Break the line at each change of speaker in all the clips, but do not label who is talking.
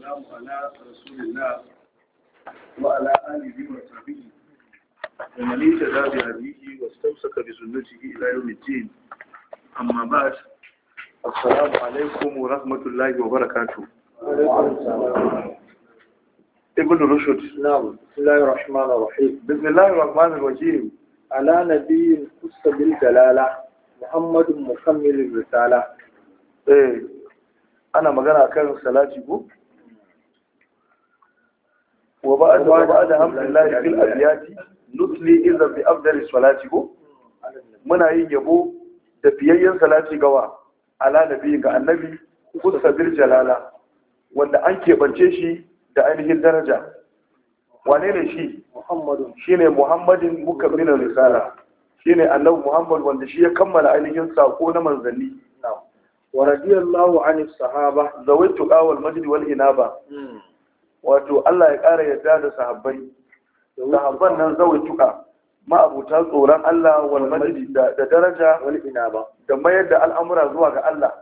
Waɗannan al'adunsu na al'adunsu na ɗan ɗan wa barakato. Ibn Rushud. Ibn Rushud. Ibn Rushud. Ibn Rushud. Al'aana biyun kusa biyu da lala, Muhammadu Makamman da tala. ana magana kan salati ko? وبعد بعد الحمد لله في الأبيات نتلي إذا بأفضل muna yin yabo da biyayyen salati gawa ala nabi ga annabi kusa bil jalala wanda an keɓance shi da ainihin daraja wane ne shi shi muhammadin mukammilin risala shi ne annabi muhammad wanda shi ya kammala ainihin sako na manzanni wa radiyallahu anhu sahaba zawaitu qawal majdi wal inaba wato Allah ya ƙara yadda da sahabbai sahabban nan zawai tuka ma'abuta tsoron Allah wal majdi da daraja wal inaba da mayar da al'amura zuwa ga Allah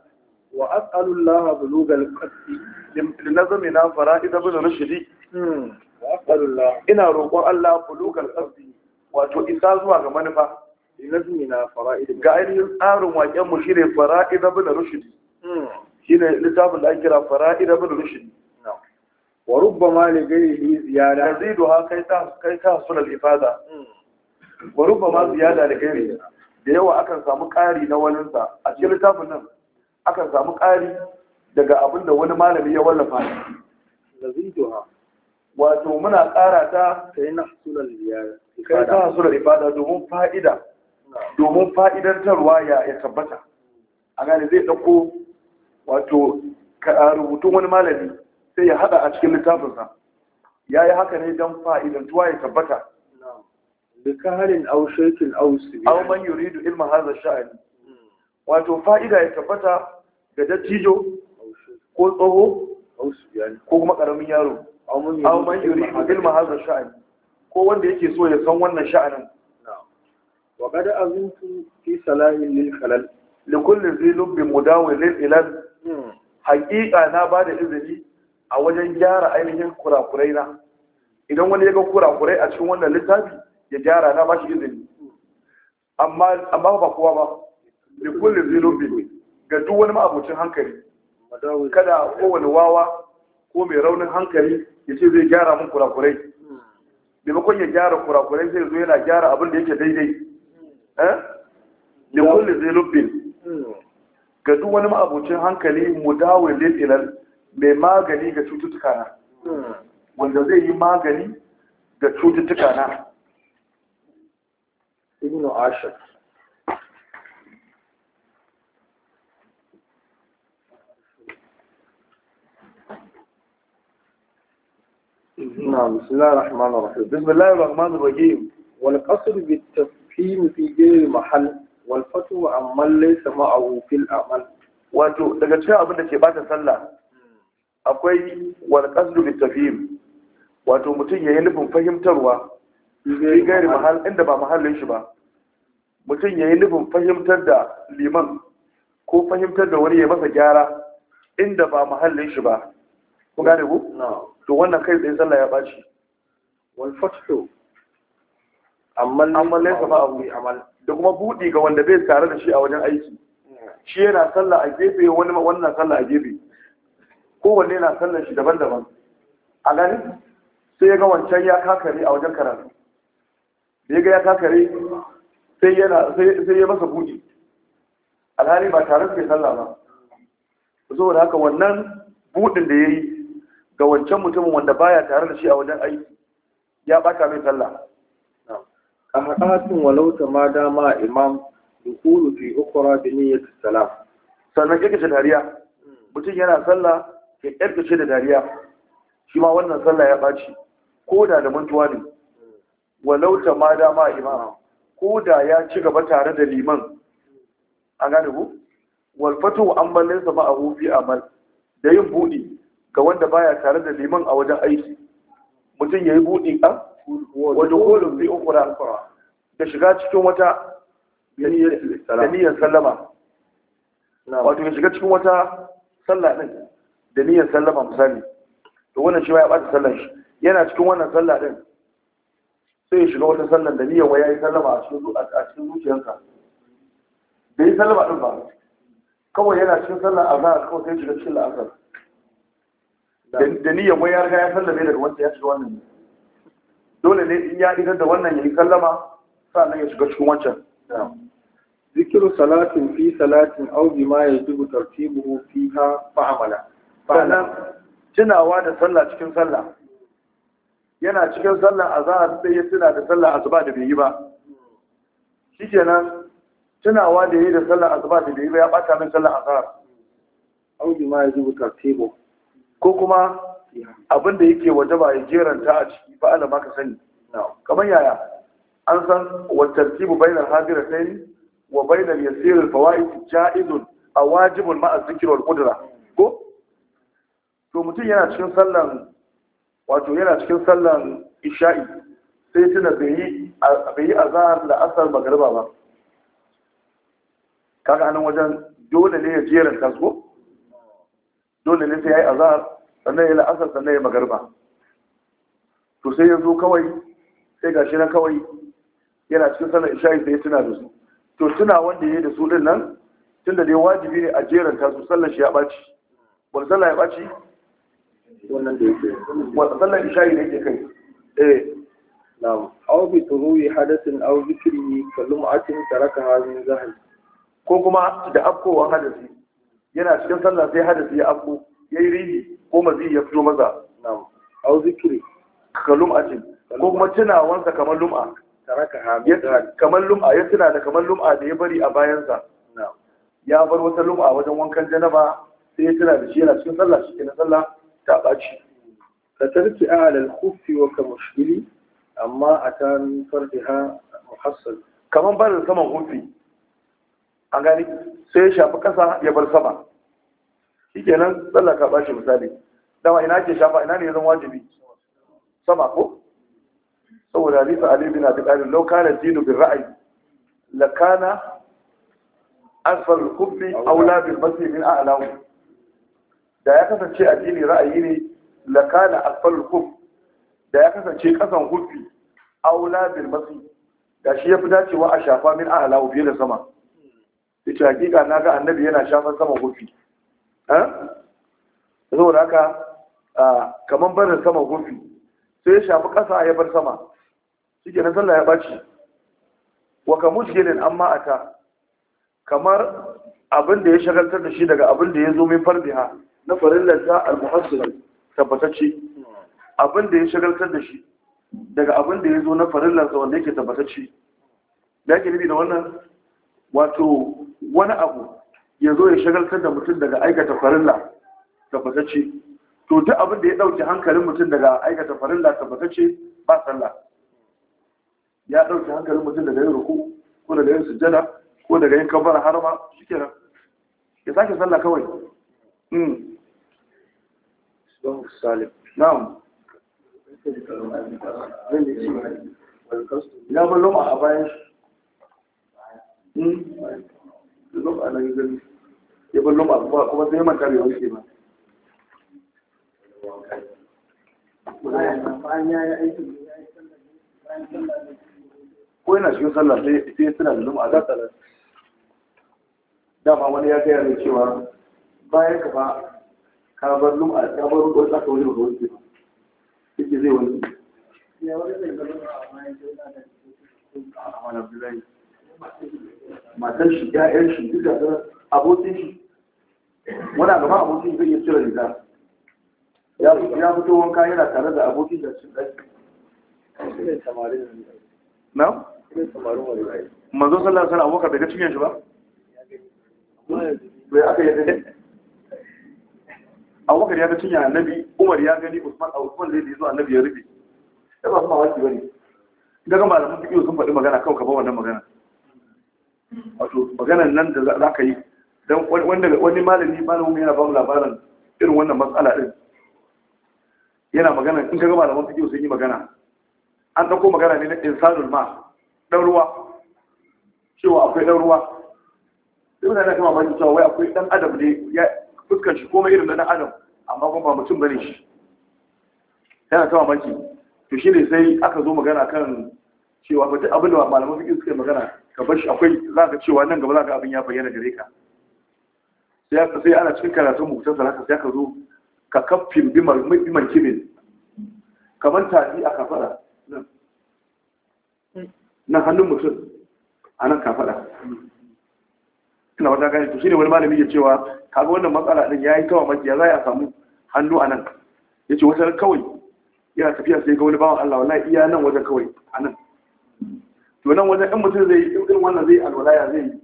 wa as'alu Allah bulugal qasdi li nazmina fara'id ibn rushdi hmm. wa as'alu Allah ina roƙon Allah bulugal qasdi wato isa zuwa ga manufa li nazmina fara'id ga ainihin tsarin waƙen mu shine fara'id ibn rushdi hmm. shine littafin da ake kira fara'id ibn rushdi wa rubbama li ghairihi ziyada yazidu ha kai ta kai ta sulal ifada wa rubbama ziyada li ghairihi da yawa akan samu na a cikin littafin nan akan samu daga abin da wani malami ya wallafa yazidu ha wato muna ƙara ta kai na sulal kai ta sulal ifada domin fa'ida domin fa'idantarwa ya tabbata a gane zai dauko. wato rubutu wani malami sai ya hada a cikin littafinsa ya yi haka ne don fa'idantuwa ya tabbata likaharin au shekin au sibiyan au man yuridu ilma haza sha'ani wato fa'ida ya tabbata ga dattijo ko tsoho ko kuma ƙaramin yaro au man yuridu ilma haza sha'ani ko wanda yake so ya san wannan sha'anin wa qad azuntu fi salahin lil khalal li zai zilub bi mudawil lil ilal hmm. Haƙiƙa na bada izini a wajen gyara ainihin kurakurai na idan wani ya ga kurakurai a cikin wannan littafi ya gyara na ba shi izini amma ba kowa ba da kullum zinobi ga duk wani ma'abucin hankali kada kowane wawa ko mai raunin hankali ya ce zai gyara mun kurakurai maimakon ya gyara kurakurai zai zo yana gyara abin da yake daidai da eh? kullum zinobi ga duk wani ma'abucin hankali mu dawo lililal mai magani ga cututtuka na wanda zai yi magani ga cututtuka na ibnu ashir بسم الله الرحمن الرحيم والقصر بالتفهيم في غير محل والفتوى عمن ليس معه في العمل wato daga cikin abin da ke bata sallah akwai walƙasdu da tafiyin wato mutum yayi nufin fahimtarwa fi gairi mahal inda ba mahallin shi ba mutum yayi nufin fahimtar da liman ko fahimtar da wani ya masa gyara inda ba mahallin shi ba ku gane ku to wannan kai tsaye sallah ya baci Wani fathu amma amma laysa ba abu amal da kuma budi ga wanda bai tare da shi a wajen aiki shi yana sallah a gefe wani wannan sallah a gefe kowanne na sallar shi daban-daban a gani sai ya ga wancan ya kakare a wajen karatu da ya ga ya kakare sai ya masa buɗi alhari ba tare sai sallah ba saboda haka wannan buɗin da ya yi ga wancan mutumin wanda baya tare da shi a wajen aiki ya ɓata mai sallah a haɗatin walauta ma dama imam dukulu fi ukura da niyyar salam sannan ya ke tariya hmm. mutum yana sallah ya ce da dariya shi ma wannan sallah ya ɓaci ko da da mantuwa ne walau ma dama imama ko da ya ci gaba tare da liman A gane ku walfatu an ballin sa hufi fi amal da yin buɗi ga wanda baya tare da liman a wajen aiki mutum ya yi buɗi a Wani kolin fi ukura da shiga cikin wata da niyyar sallama wato ya shiga cikin wata sallah ɗin da niyyar sallama misali to wannan shi ma ya ɓata sallar shi yana cikin wannan sallah din sai ya shiga wata sallar da niyyar waya yi sallama a cikin zuciyarsa da yi sallama din ba kawai yana cikin sallan azhar kawai sai ya shiga cikin la'asar da niyyar waya ya riga ya sallame daga wanda ya shiga wannan ne dole ne in ya idar da wannan ya yi sallama sannan ya shiga cikin wancan zikiru salatin fi salatin au bima yajibu tartibuhu fiha fa'amala sannan tunawa da sallah cikin sallah yana cikin sallah a azhar sai ya tuna da sallah asuba da bai yi ba shikenan tunawa da yi da sallah asuba da bai yi ba ya bata min sallah azhar au bi ma yajibu tartibu ko kuma abin da yake ba ya jeranta a ciki ba alama ka sani kamar yaya an san wa tartibu bainal sai wa bainal yasir al fawaid ja'izun a ma'a dhikr kudura. to mutum yana cikin sallan wato yana cikin sallan isha'i sai tuna bai yi azahar da asar magariba ba kaga anan wajen dole ne ya jerin kasko dole ne sai ya yi azahar sannan ya yi la'asar sannan ya magariba to sai ya zo kawai sai gashi na kawai yana cikin sallan isha'i sai tuna da su to tuna wanda ya yi da su din nan tunda dai wajibi ne a jerin kasu sallan shi ya ɓaci wani sallah ya ɓaci wannan da yake wata sallar isha'i da yake kai eh na'am aw bi turuwi hadathin aw zikri ka lum'atin taraka hazin zahir ko kuma da afkowan hadasi yana cikin sallah sai hadasi ya afko yayi riji ko mazi ya fito maza na'am aw zikri ka lum'atin ko kuma tunawansa kamar lum'a taraka hazin kamar lum'a ya tuna da kamar lum'a da ya bari a bayansa ya bar wata lum'a wajen wankan janaba sai ya tuna da shi yana cikin sallah shi na sallah ta ɓaci ka tarki alal kufi wa ka mushkili amma a ta fardiha muhassal kamar da saman kufi an gani sai ya shafi ƙasa ya bar sama shi kenan ka ɓaci misali dama ina ke shafa ina ne ya zama wajibi sama ko saboda hadisa ali na abi talib law kana dinu bil ra'yi la kana asfal al-khubbi awla bil basri min a'lahu da ya kasance addini ra'ayi ne lakana asfalul kuf da ya kasance kasan hufi aula bil masi da shi yafi dacewa a shafa min ahla wa da sama Ita hakika na ga annabi yana shafan sama hufi eh da haka kaman barin sama hufi sai ya shafi kasa ya bar sama shike na sallah ya baci wa kamushkilin amma ata kamar abin da ya shagaltar da shi daga abin da ya zo min farbiha na farillar ta al-muhassir tabbatacce abin da ya shagaltar da shi daga abin da ya zo na farillar sa wanda yake tabbatacce da yake nabi da wannan wato wani abu ya zo ya shagaltar da mutum daga aikata farilla tabbatacce to duk abin da ya dauke hankalin mutum daga aikata farilla tabbatacce ba sallah ya dauke hankalin mutum daga yin ruku ko daga yin sujjada ko daga yin kabbara harama shikenan ya sake sallah kawai hmm. مصباح الصالح نعم لا من لهم أبايش لهم أنا يبقى لهم أبوا كما ما كان يوم كما ko yana cikin sallah sai suna da lum'a da dama wani ya gaya cewa ka bar lum'a ka bar ruwa za wani zai matan shi ya'yan shi duka da abokin shi wani gaba abokin zai iya cire riga ya fito wanka yana tare da abokin da na? sallallahu alaihi wasallam abokan daga cikin shi ba? bai aka yi abubakar ya ga cinya annabi umar ya gani usman a usman zai zo annabi ya rufe ya ba su mawaki ba ne daga malaman fiƙiyo sun faɗi magana kawai ka ba wannan magana wato magana nan da za ka yi don wani malami malamin yana ba mu labarin irin wannan matsala ɗin yana magana in ka ga malaman fiƙiyo sun yi magana an ɗauko magana ne na insanul ma ɗan ruwa cewa akwai ɗan ruwa sai mutane kama bakin cewa wai akwai ɗan adam ne fuskan shi komai irin na adam amma kuma ba mutum bane shi yana kama maki to shi ne sai aka zo magana kan cewa ba duk abin da malaman fiƙi suka magana ka bar shi akwai za ka cewa nan gaba za ka abin ya bayyana gare ka sai ana cikin karatun mukutar salata sai aka zo ka kafin biman kibin kamar tafi a kafada na hannun mutum a nan kafada ina wata gani to shi ne wani malami ya cewa kaga wannan matsala din yayi kawa ya za a samu hannu a nan yace wata kawai yana tafiya sai ga wani bawan Allah wallahi iya nan wajen kawai a nan to nan wajen in mutum zai yi irin wannan zai alwalaya zai yi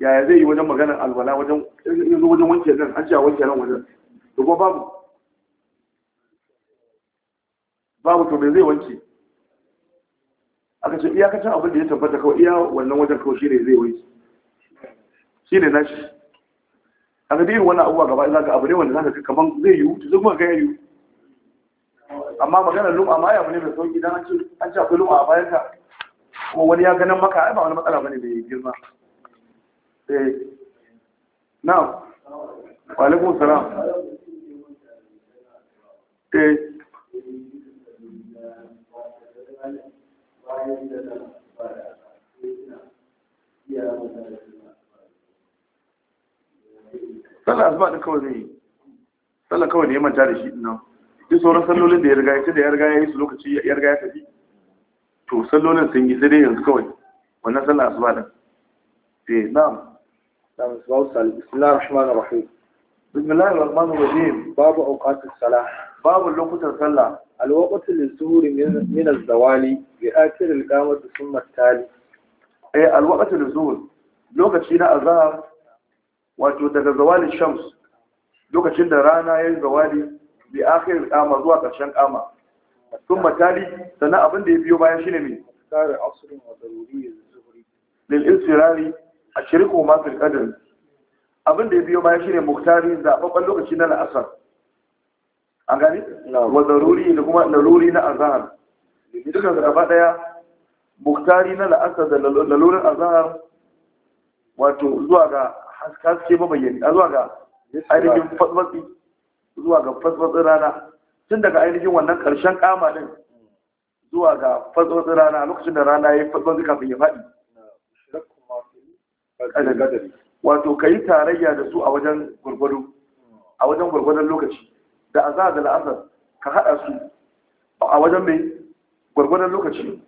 yaya zai yi wajen maganar alwala wajen yanzu wajen wanke nan an ce a wanke nan wajen to kuma babu babu to me zai wanke aka ce iyakacin abin da ya tabbata kawai iya wannan wajen kawai shi ne zai wanke shi ne nashi a ga irin wannan abubuwa gaba zaka abu ne wanda zaka ka ga zai yiwu ta zama ga yiwu amma magana lum'a ma ya ne da sauki dan an ce an ce akwai lum'a a bayan ka Ko wani ya ganin maka ai ba wani matsala bane da girma eh na'am wa alaikum salam eh Yeah, sallar asuba din kawai zai yi sallar kawai ne ya manta da shi nan duk sauran sallolin da ya riga ya da ya riga ya yi su lokaci ya riga ya tafi to sallolin sun yi sai dai yanzu kawai wannan sallar asuba din eh na'am na'am sallallahu bismillahir rahmanir rahim bismillahir rahmanir rahim babu awqatus salah babu lokutan sallah الوقت للظهور من الزوال بآخر القامة ثم التالي أي الوقت للظهور لوكا شينا الظهر wato daga zawalin shams lokacin da rana ya yi zawali bi akhir kama zuwa ƙarshen kama sun matali sannan abin da ya biyo bayan shine mai tsari asirin wa zaruri lil insirari a shirku ma fil qadr abin da ya biyo bayan shine muktari zababban lokaci na la'asar an gani wa zaruri da kuma laruri na azhar duka gaba daya muktari na la'asar da lalurin azhar wato zuwa ga haske mabayyani a zuwa ga ainihin fatwatsi zuwa ga fatwatsin rana tun daga ainihin wannan ƙarshen kama din zuwa ga fatwatsin rana lokacin da rana ya fatwatsi kafin ya faɗi wato ka yi tarayya da su a wajen gwargwado a wajen gwargwadon lokaci da a za da la'asar ka haɗa su a wajen mai gwargwadon lokaci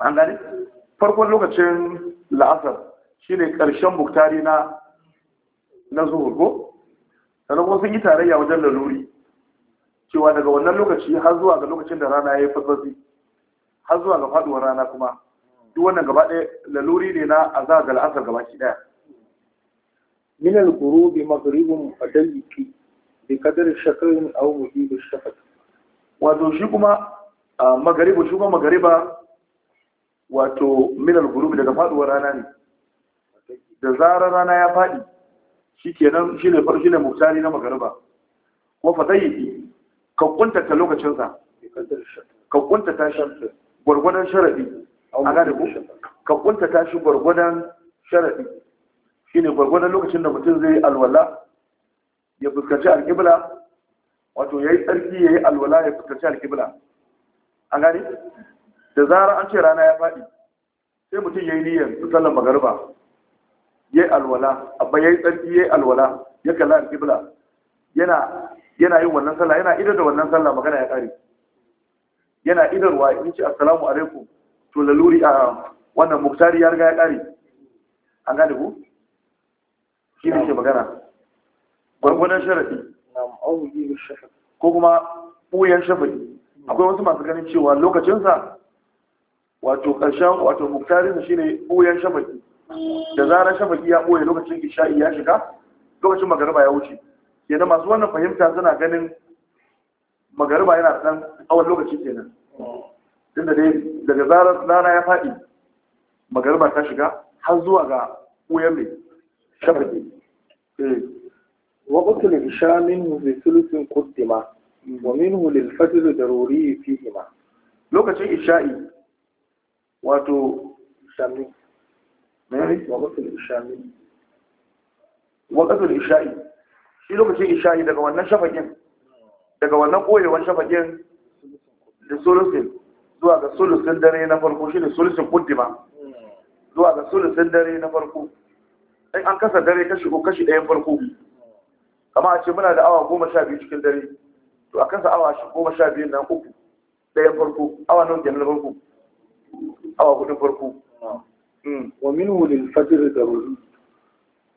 an gane farkon lokacin la'asar shine ƙarshen buktari na na zuhur ko sana kuma sun yi tarayya wajen laluri cewa daga wannan lokaci har zuwa ga lokacin da rana ya yi fasfasi har zuwa ga faduwar rana kuma duk wannan gaba ɗaya laluri ne na a da al'asar gaba ki ɗaya Minal guru bi ghurubi maghribun fadaliki bi qadar shakrin aw mujib da shafaq wato shi kuma magaribu shi kuma magariba wato minal guru daga faduwar rana ne da zarar rana ya faɗi shikenan shine shi ne mutane na magariba zai yi, ka lokacin lokacinsa ka ta shi gwargwadon sharadi a gane ku ka ta shi gurgudan sharadi shine gwargwadon lokacin da mutum zai alwala ya fuskanci alƙibla wato ya yi tsarki ya yi alwala ya fuskanci alƙibla an gane da zarar an ce rana ya faɗi sai mutum ya yi niyyar sallar magariba ya yi alwala abba ya yi tsarki ya yi alwala ya kalla alƙibla yana yana yin wannan sallah yana idar da wannan sallah magana ya ƙare yana idarwa in ce assalamu alaikum to laluri a wannan muktari ya riga ya ƙare an gane ku shi ne ke magana gwargwadon sharaɗi ko kuma ɓuyan shafi akwai wasu masu ganin cewa lokacinsa wato ƙarshen wato muktarinsa shi ne ɓuyan shafi da zarar shafaki ya ɓoye lokacin isha'i ya shiga lokacin magariba ya wuce kenan masu wannan fahimta suna ganin magariba yana ɗan tsawon lokaci kenan tunda dai daga zarar rana ya faɗi magariba ta shiga har zuwa ga ɓoyen mai shafaki وقت العشاء منه بثلث قدم ومنه للفجر ضروري فيهما Lokacin isha'i, واتو شامي mai waqtul isha'i waqtul isha'i shi lokacin isha'i daga wannan shafakin daga wannan koyewan shafakin da sulusin zuwa ga sulusin dare na farko shi ne sulusin kuddima zuwa ga sulusin dare na farko in an kasa dare kashi ko kashi ɗayan farko kama a ce muna da awa goma sha biyu cikin dare to a kasa awa goma sha biyu na uku ɗayan farko awa nan kenan farko awa hudun farko Mm. wa minhu lil fajr daruri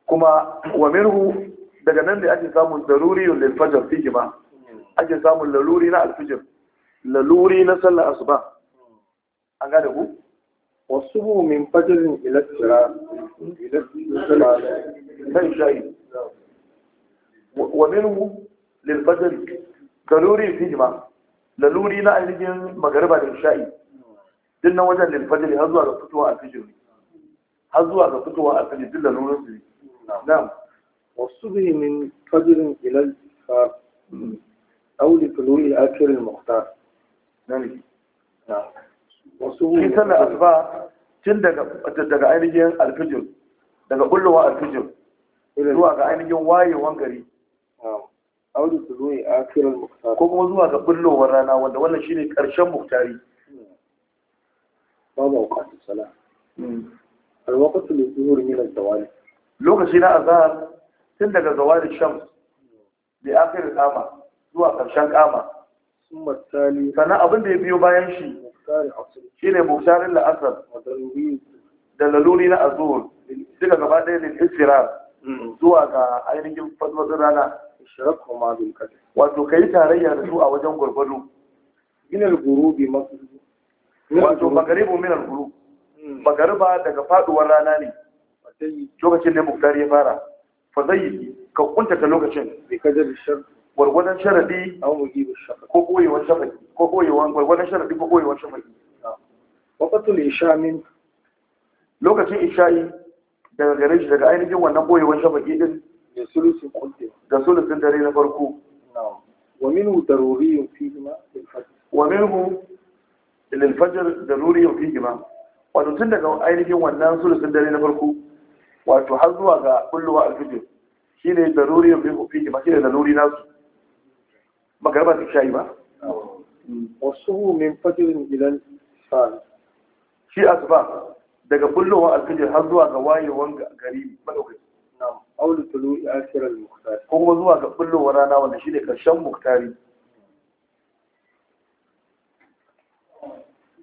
kuma wa minhu daga nan da ake samun daruri lil fajr fi mm. ake samun laluri na alfijir laluri na sallar asuba mm. an gane ku wasu bu min fajirin ilattira ilattira sai shayi wa min hu fajr daruri fi jima laluri na ainihin magariba da sha'i dinnan wajen lil fajr har zuwa ga fitowa alfijir ne har zuwa ga fitowa a kan dillan nunan su na'am wasu bi min fajrin ila al-far aw a tulu'i akhir al-muqtar nani na'am wasu bi sallar asuba tun daga daga ainihin alfijir daga bullowa alfijir zuwa ga ainihin wayewan gari aw li a akhir al ko kuma zuwa ga bullowar rana wanda wannan shine karshen muktari babu waqtu sala. Hmm. alwaqtu lizuhur min al-zawal lokaci na azahar, tun daga zawari shams da akhir qama zuwa karshen qama summa tali sana abin da ya biyo bayan shi Shi ne muktarin la'asar da laluri na azhur suka gaba ɗaya da isra mm. zuwa ga ainihin fadwadin rana wato ka yi tarayya da su a wajen gwargwado minar gurubi
wato magaribu
minar gurubi magariba daga faduwar rana ne lokacin ne muktar ya fara fa zai ka kunta ta lokacin gwargwadon sharadi ko koyewar shafaki ko koyewar gwargwadon sharadi ko koyewar shafaki waqatul isha min lokacin isha'i daga gare shi daga ainihin wannan koyewar shafaki din da sulusin dare na farko wa min minhu daruriyun fihima wa minhu lil fajr daruriyun fihima wato tun daga ainihin wannan sun dare na farko wato har zuwa ga bullowa alfijir shi ne da ruri yau bihu fiye ma shi ne da ruri nasu magarba su shayi ba wasu min fajirin idan sa'ad shi asuba daga bullowa alfijir har zuwa ga wayewan gari madaukai na aulu tulu shirar muktari ko kuma zuwa ga bullowa rana wanda shi ne karshen muktari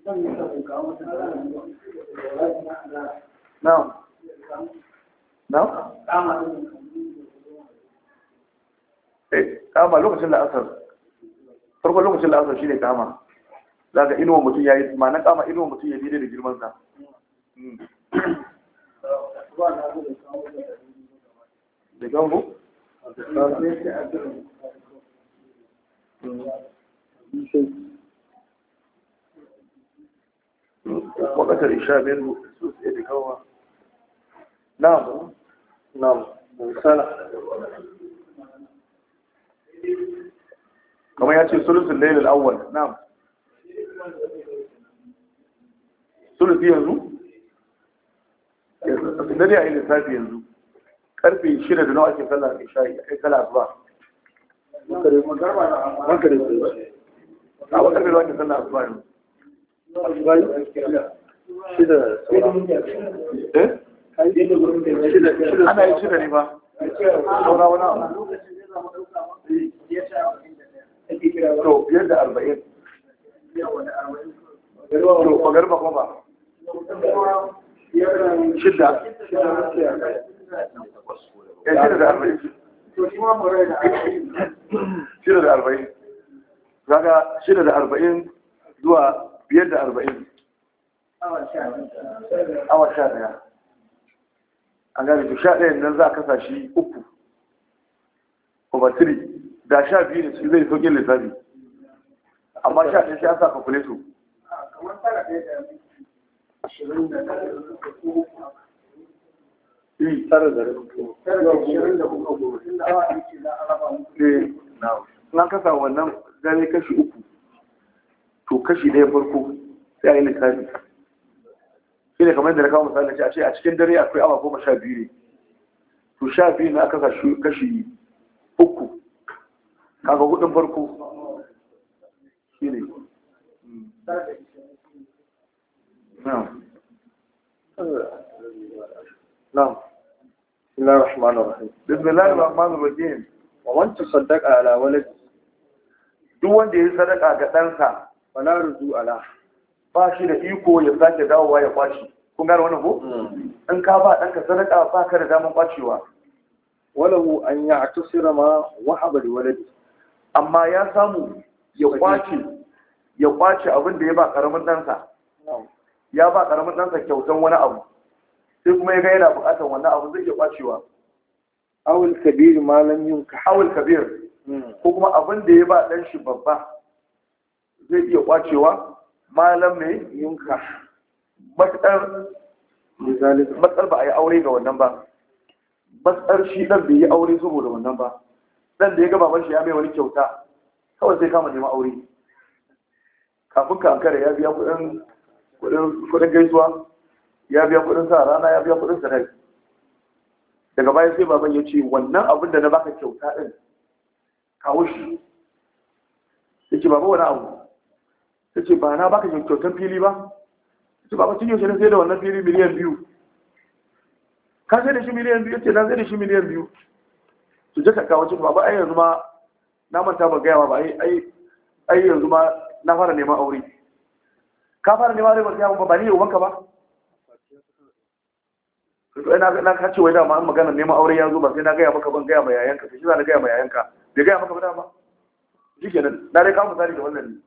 Eh, kama lokacin la'asar farko lokacin la'asar shi ne kama za ka inuwa mutum ya yi ma'anar kama inuwa mutum ya daidai da girmansa hmm. da gambo? Thank you. وقت منه السوس نعم نعم كما يأتي ثلث الليل الأول نعم ثلث ينزو da a yi lissafi yanzu shida da nawa sallar isha'i a asuba ba ake asuba yanzu ana yi shida ne wani abu to biyar da to kuma shida shida da shida da shida da arba'in zuwa biyar da arba'in awa sha daya a gani sha ɗayan nan za a kasa shi uku over three da sha biyu da su zai sauƙin lissafi amma sha ɗaya shi an sa calculator eh. eh. na kasa wannan dare kashi uku to kashi ɗaya farko sai a yi lissafi shi ne kamar yadda na kawo misali a ce a cikin dare akwai awa goma sha biyu ne to sha biyu na aka kashi kashi uku kaga hudun farko shi ne نعم بسم الله الرحمن الرحيم بسم الله الرحمن الرحيم ومن تصدق على duk wanda ya sadaka ga ɗansa fala ruzu ala ba shi da iko ya sake dawowa ya kwashi kun gane wannan ko hmm. in ka ba danka sadaka ba ka da daman kwacewa walahu an ya atusira ma wahaba li waladi amma ya samu ya kwace ya kwace abin da ya ba karamin dansa. Hmm. ya ba karamin dansa kyautan wani abu sai kuma ya ga yana buƙatar wannan abu zai iya kwacewa awul kabir malam yunka awul kabir hmm. ko kuma abin da ya ba ɗan shi babba zai iya kwacewa malam mai yunka matsar matsar ba a yi aure ga wannan ba matsar shi ɗan bai yi aure saboda wannan ba dan da ya gaba mashi ya mai wani kyauta kawai sai kama neman aure kafin ka ankara ya biya kudin kudin gaisuwa ya biya kudin sa rana ya biya kudin sarari daga baya sai baban ya ce wannan abin da na baka kyauta din kawo shi yake baba wani abu ta ce ba na baka kyautan fili ba su ba ba cinye shi na sai da wannan fili miliyan biyu ka sai da shi miliyan biyu ce na sai da shi miliyan biyu su je ka kawo cikin ba ai yanzu ma na manta ba gaya ba ai ai yanzu ma na fara neman aure ka fara neman aure ba gaya ba ba ni yau banka ba to ina na ka ce wai da an magana neman aure ya zo ba sai na gaya maka ban gaya ma yayanka sai shi za na gaya ma yayanka bai gaya maka ba dama shikenan na dai kawo misali da wannan ne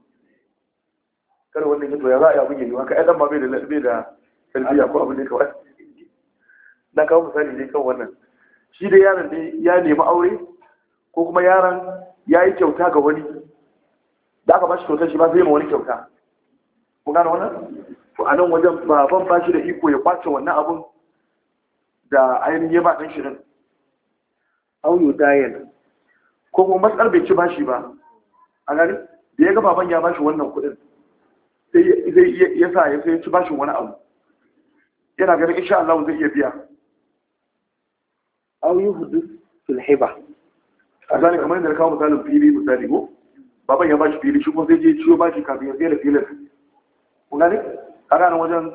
kar wannan yato ya za a yi abin yayi haka ai dan ma bai da bai da tarbiyya ko abin da ya kawai na kawo misali ne kan wannan shi dai yaron ne ya nemi aure ko kuma yaron ya yi kyauta ga wani da aka bashi kyautar shi ba zai ma wani kyauta Ku gane wannan to a nan wajen baban ba shi da iko ya kwace wannan abun da ainihin ya ba ɗan shirin auyo dayan ko kuma matsalar bai ci bashi ba a gani da ya ga baban ya bashi wannan kuɗin zai iya sa ya sai ci bashin wani abu yana ganin insha Allah zai iya biya aw yuhdith fil hiba azali kamar da kawo misalin fili misali go baban ya bashi fili shi kuma zai je ciwo bashi kafin ya sayar da filin Kuma ne? a ranar wajen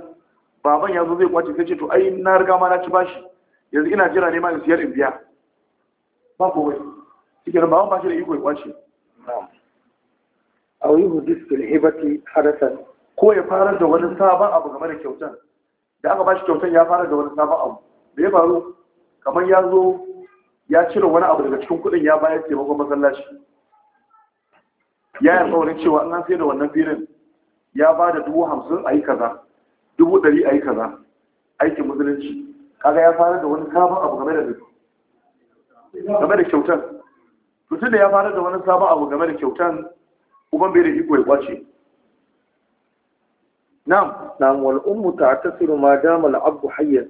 baban ya zo zai kwace sai ce to ai na riga ma na ci bashi yanzu ina jira ne ma in siyar in biya ba wai shi nan baban bashi da iko ya kwace na'am aw yuhdith fil hibati hadathan ko ya fara da wani sabon abu game da kyautan da aka ba shi kyautan ya fara da wani sabon abu da ya faru kamar ya zo ya cire wani abu daga cikin kuɗin ya bayar taimakon masallaci ya yi tsaurin cewa an sai da wannan filin ya ba da dubu hamsin a yi kaza dubu dari a yi kaza aikin musulunci kaga ya fara da wani sabon abu game da game da kyautan Mutum da ya fara da wani sabon abu game da kyautan uban bai da iko ya kwace na'am na'am wal ummu ta'tasiru ma dama al abdu hayyan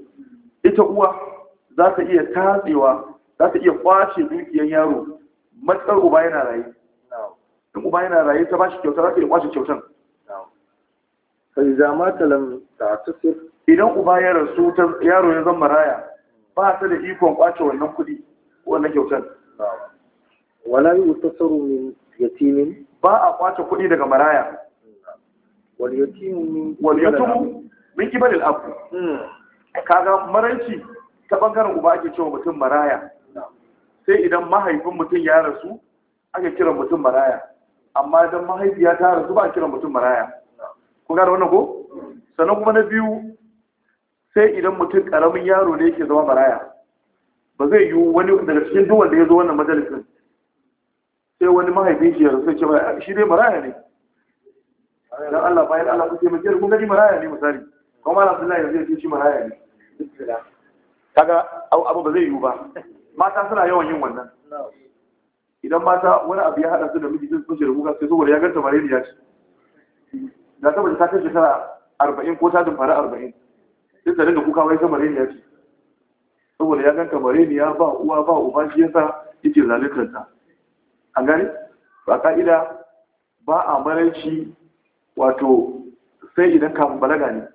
ita uwa za ta iya tatsewa za ta iya kwace dukiyar yaro matsar uba yana raye in uba yana raye ta bashi kyauta za ta iya kwace kyautan fa idza mata lam ta'tasir idan uba ya rasu ta yaro ya zama ba ta da ikon kwace wannan kuɗi wannan kyautan wala yutasaru min yatimin ba a kwace kuɗi daga maraya wal yatimu min qibal al abu. Hmm. kaga maranci ta bangaren uba ake cewa mutum maraya sai idan mahaifin mutum ya rasu ake kiran mutum maraya amma idan mahaifiya ta rasu ba a kiran mutum maraya ku gane wannan ko sannan kuma na biyu sai idan mutum karamin yaro ne yake zama maraya ba zai yi wani daga cikin duwanda ya zo wannan majalisin sai wani mahaifin shi ya rasu ce shi dai maraya ne dan Allah bayan Allah ku taimake ku gani maraya ne misali kuma Allah sallallahu alaihi wasallam shi maraya ne kaga abu ba zai yiwu ba mata suna yawan yin wannan idan mata wani abu ya hada su da miji sun kushe da kuka sai saboda ya ganta mareniya ce da saboda ta kai shekara arba'in ko ta dumfara arba'in sai ta dinga kuka wai ta mareniya ce saboda ya ganta mareniya ba uwa ba uba shi sa yake zalikanta an gani ba ka'ida ba a maraici wato sai idan kafin balaga ne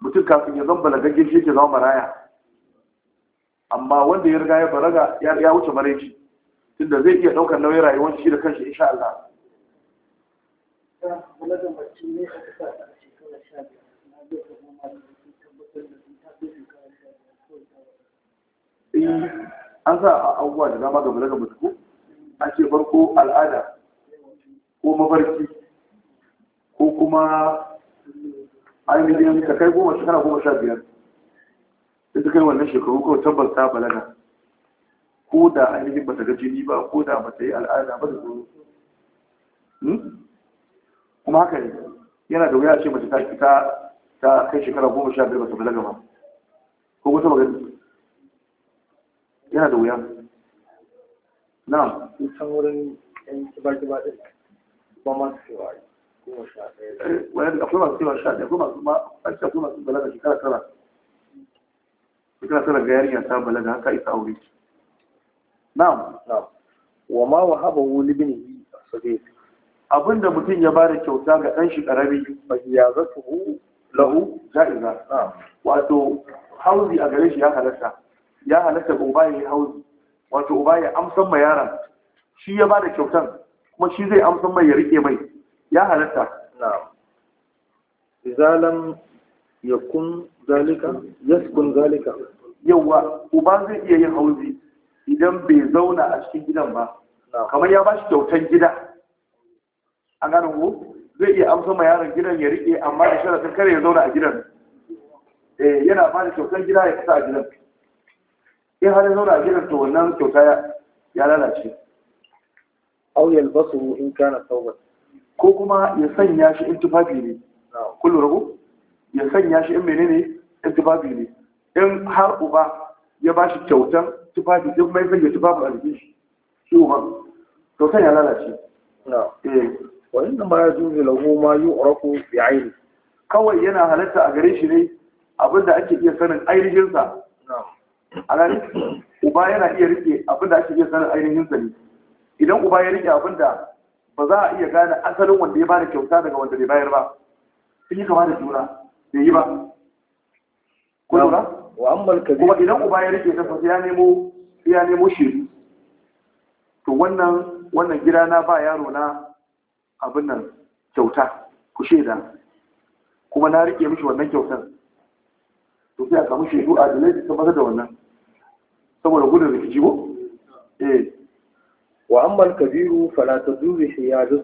mutum kafin ya zan balagagge shi ke zama maraya amma wanda ya riga ya balaga ya wuce maraici tunda zai iya ɗaukar nauyin rayuwar shi da kanshi insha Allah eh, an sa a abubuwa da dama ga balaga mutu a ce farko al'ada ko mafarki kuma ainihin ka kai goma shekara goma sha biyar da ta kai wannan shekaru kawai tabbas ta balaga ko da ainihin bata ga jini ba ko da bata yi al'ada ba da tsoro hmm? kuma haka ne yana da wuya ce mace ta ta kai shekara goma sha biyar bata balaga ba ko kusa magana yana da wuya na san wurin yan kiba-kiba ɗin ba masu kewaye wani akwai wa wa wuli bin abinda mutum ya ba da kyauta ga ɗan shi ƙarami fa ya hu, lahu ja'iza wato hauzi a gare shi ya halatta ya halatta uba ya yi hauzi wato uba ya amsan ma yaran shi ya ba da kyautan kuma shi zai amsan mai ya rike mai ya halatta zalam ya kun zalika kun zalika yawa uba zai iya yin hauzi idan bai zauna a cikin gidan ba kamar ya ba shi kyautar gida A ganin ku zai iya amsa ma yaron gidan ya rike amma da sharaɗin kare ya zauna a gidan eh, yana ba da kyautar gida ya kasa a gidan in har ya zauna a gidan to wannan kyauta ya lalace auyal basu in kana sauwata ko kuma ya sanya shi in tufafi ne kullu rabu ya sanya shi in menene in tufafi ne in har uba ya ba shi kyautan tufafi kuma mai sanya tufafi a jikin shi shi uba kyautan ya lalace eh wa inna ma yajuzu lahu ma bi bi'aini kawai yana halatta a gare shi ne abinda ake iya sanin ainihin sa alani uba yana iya rike abinda ake iya sanin ainihin sa ne idan uba ya rike abinda ba za a iya gane asalin wanda ya bada kyauta daga wanda bai bayar ba in yi kama da juna bai yi ba ko lura kuma idan uba ya rike kafa ya nemo ya nemo shi to wannan wannan gida na ba yaro na abin nan kyauta ku shaida kuma na rike mishi wannan kyautar to sai a samu shaidu a dalilin ta maza da wannan saboda gudun rikici ko eh wa ammal kabiru fala taduzu hiyalu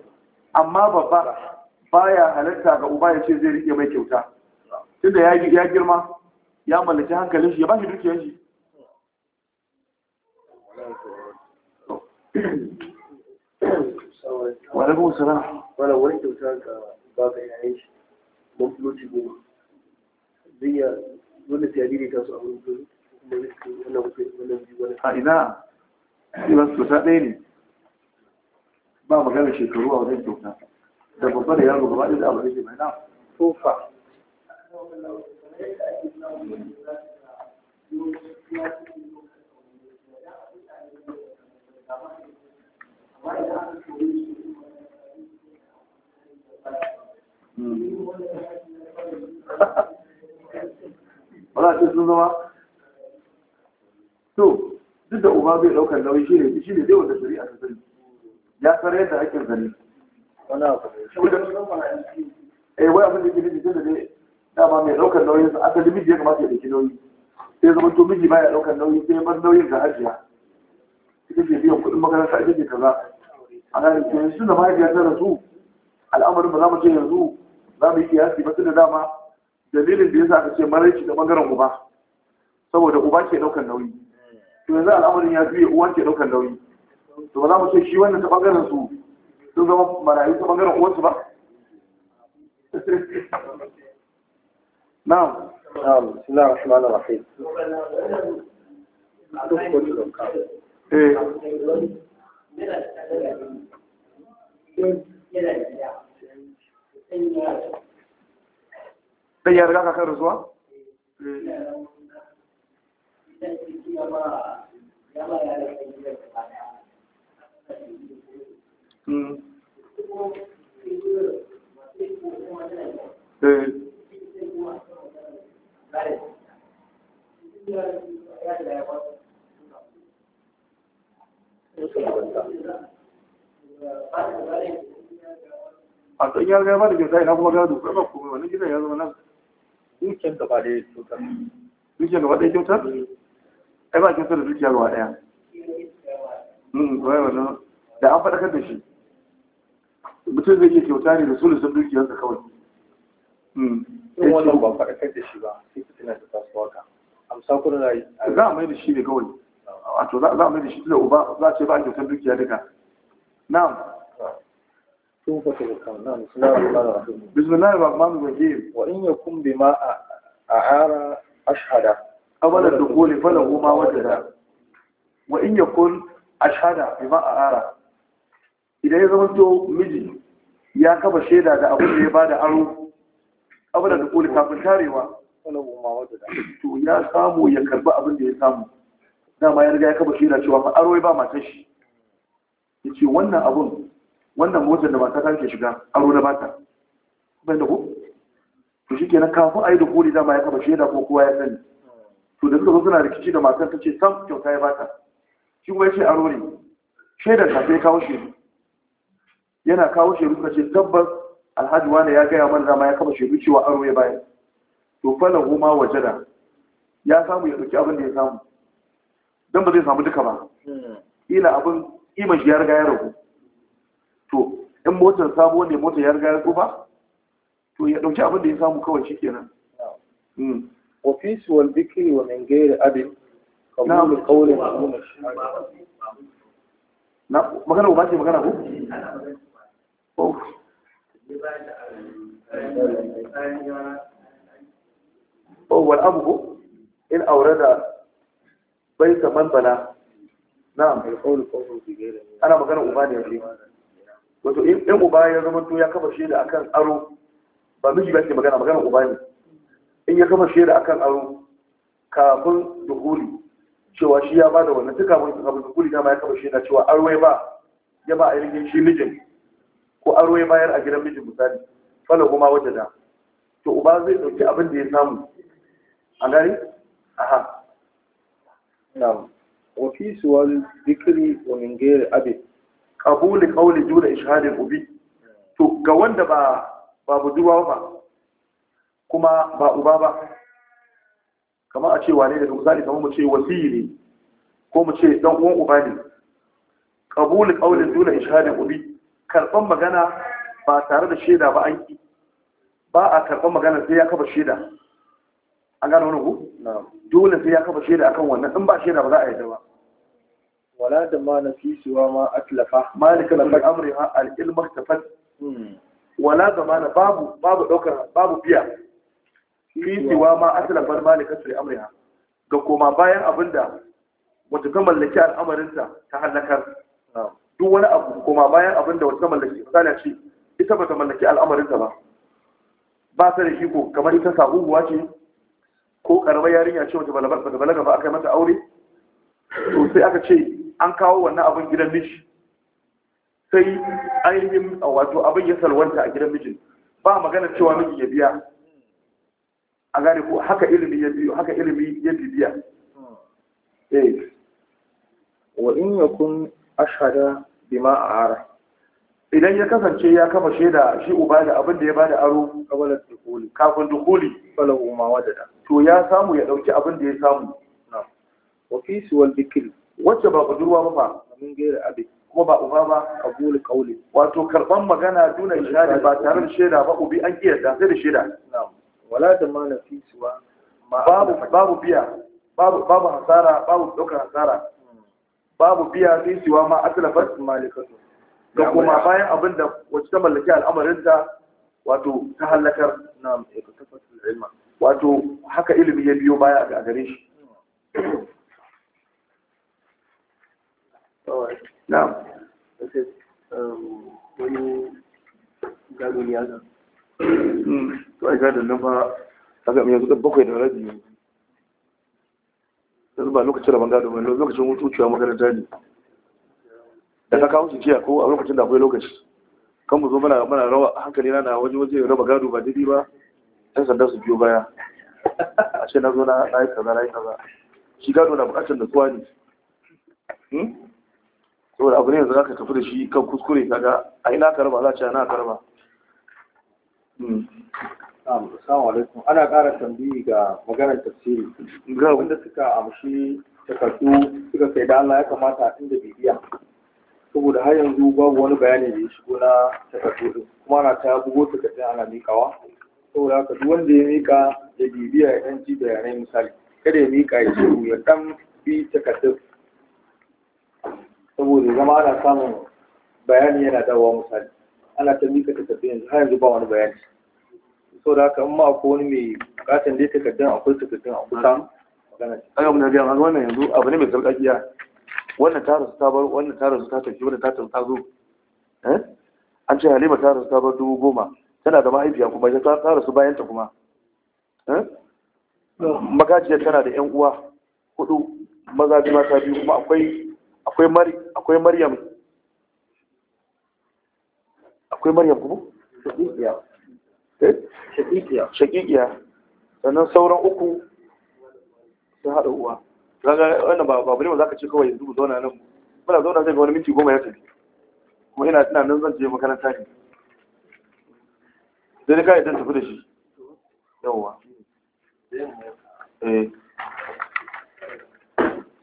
amma babba baya halarta ga uba ya ce zai rike mai kyauta tunda ya ya girma ya mallaki hankalin shi ya bashi dukiyar shi wani kyauta ga baka yayin shi mun fuloci goma zai ya dole ta su a wurin kuma ne ba magana shekaru a wajen kyauta da babba da yaro gaba da abu da mai na tofa wala hmm. ce sun zama to duk da uba bai ɗaukar nauyi shi ne shi ne dai wanda shari'a ta sani ya san yadda ake zane eh wai abin da ke nufi tunda dai dama mai ɗaukar nauyin sa asali miji ya kamata ya ɗauki nauyi sai zama to miji baya ɗaukar nauyi sai bar nauyin ga ajiya ita ce biyan kuɗin makaranta ita ce kaza a nan ke yanzu da mahaifiyar ta rasu al'amarin ba za mu ce yanzu za mu yi kiyasi ba tunda dama dalilin da ya sa aka ce maraici da ɓangaren uba saboda uba ke ɗaukar nauyi to yanzu al'amarin ya juye uwa ke ɗaukar nauyi to ba za mu ce shi wannan ta bangaren su sun zama marayu ta bangaren uwansu ba na'am na'am bismillahir rahmanir rahim eh. ya riga ka rasuwa? ya ya ya Hmm. Hmm. a tsakin ya gaba ke gasa ina kuma gado kuma kuma wani gidan ya zama nan dukiyar gaba da kyautar dukiyar gaba da kyautar ai ba kyautar da dukiyar gaba daya hmm, da an faɗakar da shi mutum zai iya kyauta ne da sulusun dukiyarsa kawai hmm. in wannan ba faɗakar da shi ba sai fitina ta taso haka amsa kuna na yi za a mai da shi ne kawai wato za a mai da shi tunda uba za a ce ba a kyautar dukiya duka na'am ba mu rahim wa in yakum bima Abada da kone dukhuli goma ma da. wa in bi ma bima ara. idan ya zama to miji ya kaba shaida da abin da ya bada aro abin da dukkan kafin tarewa to ya samu ya karba abin da ya samu dama ya riga ya kaba shaida cewa fa aro ya ba matar shi yace wannan abun wannan motar da mata ta ke shiga aro na bata bai da ku to shikenan kafin yi da koli dama ya kaba shaida ko kowa ya sani to da suka zo suna rikici da matar ta ce sam kyauta ya bata shi kuma ya ce aro ne shaidar ta sai kawo shaidu yana kawo shaidu suka ce tabbas alhaji wani ya gaya mana dama ya kama shaidu cewa aro ya bayar to fala goma wajada ya samu ya ɗauki abin da ya samu don ba zai samu duka ba ila abin iman shi ya riga ya ragu to in motar sabo ne motar ya riga ya ba to ya ɗauki abin da ya samu kawai shi ke hmm. wal bikri wa min gairi abin
kamar kaulin
na magana ba ce magana ko oh wal abu in aure aurada bai man bana na na'am ana magana uba ne yanzu wato in ɗan uba ya zama to ya kafa shaida akan aro ba miji ba ke magana magana uba ne in ya kafa shaida akan aro kafin dukuli cewa shi ya ba da wannan tuka mun kafin dukuli dama ya kafa shaida cewa aro ya ba ya ba a yankin shi mijin ko aro ya bayar a gidan mijin misali fala kuma wata da to uba zai dauki abin da ya samu a gari aha na'am wa fi suwal wani gere min ghairi abi qabul qawli duna ubi to ga wanda ba ba buduwa ba kuma ba uba ba kama a ce wane da misali kama mu ce wasiyi ne ko mu ce dan uwan uba ne qabul qawlin duna ishadin ubi karɓar magana ba tare da shaida ba an ba a karɓar magana sai ya kafa shaida an gano wani ku? dole sai ya kafa shaida akan wannan in ba shaida ba za a yi ba wala da ma na fi siwa ma tilafa malika na fi amri ha al'ilmar tafat hmm. wala da ma na babu babu ɗaukar babu biya fi siwa ma atlafar malika su amri ha ga koma bayan abinda wata ta mallaki al'amarinta ta halakar duk wani abu kuma bayan abin da wata mallaki misali ce ita bata mallaki al'amarinta ba ba ta da shi ko kamar ita sabuwa ce ko karamar yarinya ce wata balaga ba aka yi mata aure to sai aka ce an kawo wannan abin gidan miji sai ainihin wato abin ya salwanta a gidan mijin ba magana cewa miji ya biya a gane ko haka ilimi ya biyo haka ilimi ya bibiya hmm. eh. wa ashada bima ara idan ya kasance ya kafa shaida shi uba da abin da ya bada aro kawalar dukuli kafin dukuli falahu ma wadada to ya samu ya dauki abin da ya samu wa fi wal bikil wacce ba budurwa ba ba gaira abi kuma ba uba ba kabuli kauli wato karban magana duna ishara ba tare da shaida ba ubi an da sai da shaida wala da mana fi babu babu biya babu babu hasara babu dokar hasara babu biya sai siwa ma atlafat malikatu ga kuma bayan abin da wacce ta mallaki al'amarin ta wato ta halakar na ikutafatul ilma wato haka ilimi ya biyo baya ga gare shi na'am wani gado ne ya ga to ai gado nan fa aga mai da bakwai da rabi yanzu ba lokacin rabon gado ba lokacin wutuciya makaranta ne da ka kawo jiya ko a lokacin da akwai lokaci kan mu zo mana mana rawa hankali na waje waje raba gado ba daidai ba ɗan sanda su biyo baya a ce na zo na na yi kaza na yi kaza shi gado na buƙatar nutsuwa ne hmm? saboda abu ne yanzu ka tafi da shi kan kuskure kaga a ina karba za a ce na karba. Hmm. Assalamu alaikum. Ana ƙara tambayi ga maganar tafsiri. Ga wanda suka amshi takardu suka sai da Allah ya kamata a inda bibiya. Saboda har yanzu babu wani bayani da ya shigo na takardu din. Kuma ana ta bugo ana miƙawa. Saboda haka duk wanda ya miƙa ya bibiya ya ɗan ji bayanai misali. Kada ya miƙa ya ya ɗan bi Saboda zama ana samun bayani yana dawowa misali. Ana ta miƙa takardu yanzu har yanzu ba wani bayani. saboda haka in ma ko wani mai bukatan dai takardun akwai takardun a kusa magana ce ayyukan da wannan yanzu abu ne mai sarƙaƙiya wannan ta rasu ta bar wannan ta ta tafi wannan ta tafi ta zo eh? an ce halima ta rasu ta bar dubu goma tana da mahaifiya kuma ita ta rasu bayan ta kuma eh? magajiyar tana da ƴan uwa hudu maza biyu mata biyu kuma akwai akwai mari akwai maryam akwai maryam kuma Eh? shakikiya sannan sauran uku sun haɗa uwa kaga wannan ba ba ne za ka ce kawai yanzu mu zauna nan muna zauna sai ga wani minti goma ya tafi kuma ina ina nan zan je makaranta ne sai ka idan tafi da shi yawwa eh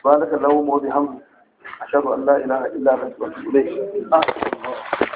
ba da kallahu mu bi hamdu ashhadu an la ilaha illa anta astaghfiruka wa atubu